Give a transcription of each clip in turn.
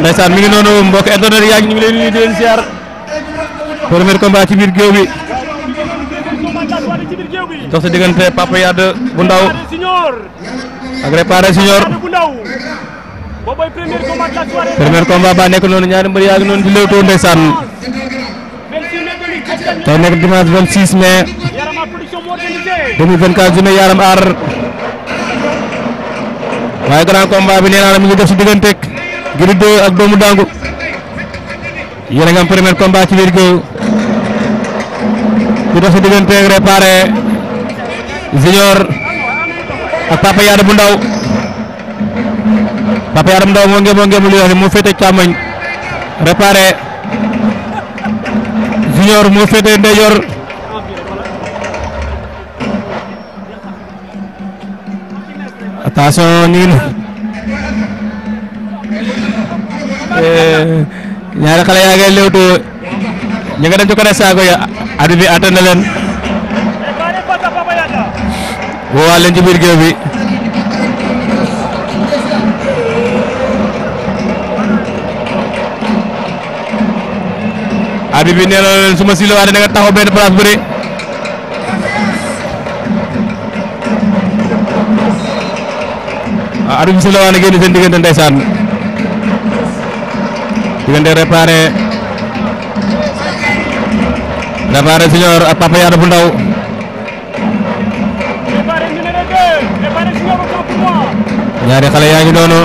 ndaysaan mi ngi noonu mbokk internet yaa ngi ñu ngi leen nuyu di leen ziar premier combat ci biir géew bi dox si diggante Papa Yade bu ndaw ak premier combat ba nekk noonu ñaari mbër yaa noonu di léewtoo ndaysaan tey nekk dimanche 26 mai 2024 journée Yaram Art waaye grand combat bi nee naa la mi ngi dox Gris 2 ak doomu dangu yéen a ngi am premier ci biir géew ku dox si diggante junior ak Papa Yada bu ndaw Papa Yada bu ndaw moo ngi moo mu li wax moo junior moo féete ndeyjoor attention ñu Eh, ñaari xale yaa ngay lewtoo ñu nga dem ci côté saako ya at bi woo leen ci biir bi at bi nee silo waatee da nga taxaw benn place bu ne ah at bi silo waatee génn seen diggante diggante réparé réparé senior ak Papa Yada ñaari xale yaa ngi noonu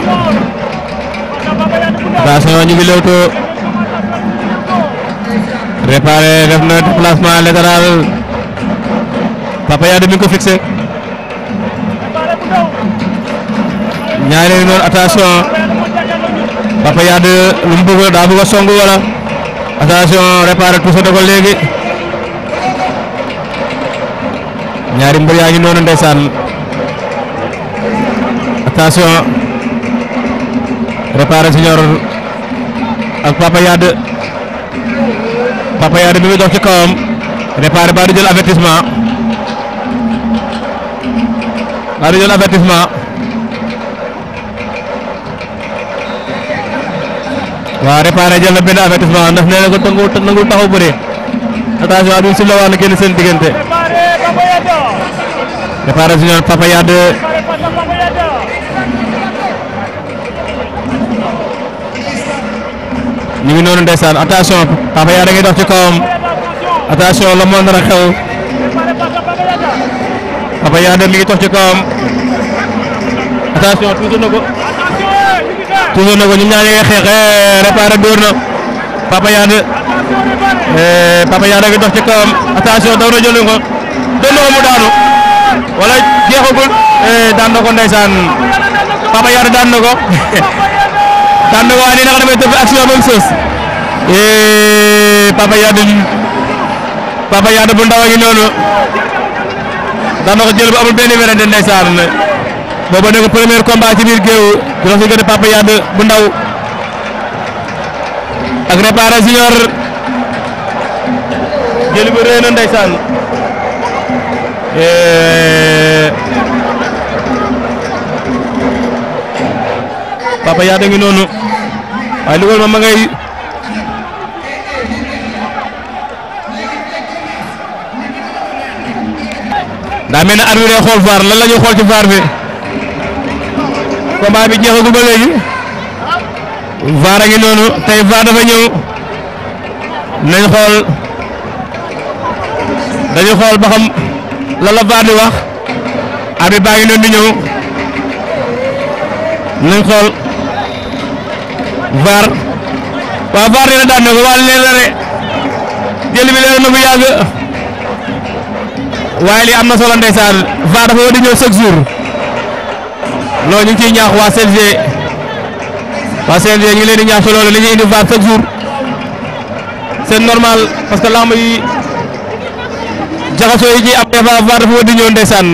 attention ñu ngi lewtoo réparé def na déplacement latéral Papa Yada mi ko fixé noonu attention Papa Yade lu mu daa bëgg a song wala attention réparé tout sa ko léegi ñaari mbër yaa noonu ndeysaan attention réparé senior ak Papa Yade Papa Yade bi muy dox ci kawam réparé avertissement ba di avertissement. waaw réparé jël na benn avertissement ndax na ko tëngu nangu taxaw bëree attention at la wax na génn seen diggante réparé junior Papa Yade ñu ngi noonu ndeysaan attention Papa Yade ngay dox ci kawam attention la moo nar a xew Papa Yade mi ngi dox ci kawam attention tuuti na ko. toujours na ko ñoom ñaar ñi ngay xeex eh, réparé dóor na Papa Yade eh, Papa Yade ngi dox ci kawam attention daw na jël ko doon na ko daanu wala eh, na ko ndeysaan Papa Yade daan na ko daan na ko waaye nii naka damay def action même chose Papa Yade Papa Yade bu ndaw a ngi noonu daan na ko jël bu amul benn wérante booba nekk premier combat ci biir géew di Papa Yade bu ndaw ak Réparé Junior jëli bu rëy na ndeysaan eh. Papa Yade ngi noonu waaye lu ma ma ngay daa mel xool VAR lan la ñuy xool ci VAR combat bi jeexagul ba léegi vaar a ngi noonu tey vaar dafa ñëw nañ xool dañu xool ba xam la la vaar di wax abi baa ngi noonu ñëw nañ xool vaar waaw vaar dina daan na ko waa leer la de jël bi leer na bu yàgg waaye li am na solo ndeysaan vaar dafa war ñëw chaque jour non ñu ngi ciy ñaax waa CNG waa CNG ñu ngi leen di ñaax ci loolu li ñuy indi VAR chaque jour c'est normal parce que lamb yi jaxasoo yi ñuy am VAR dafa war di ñëw ndeysaan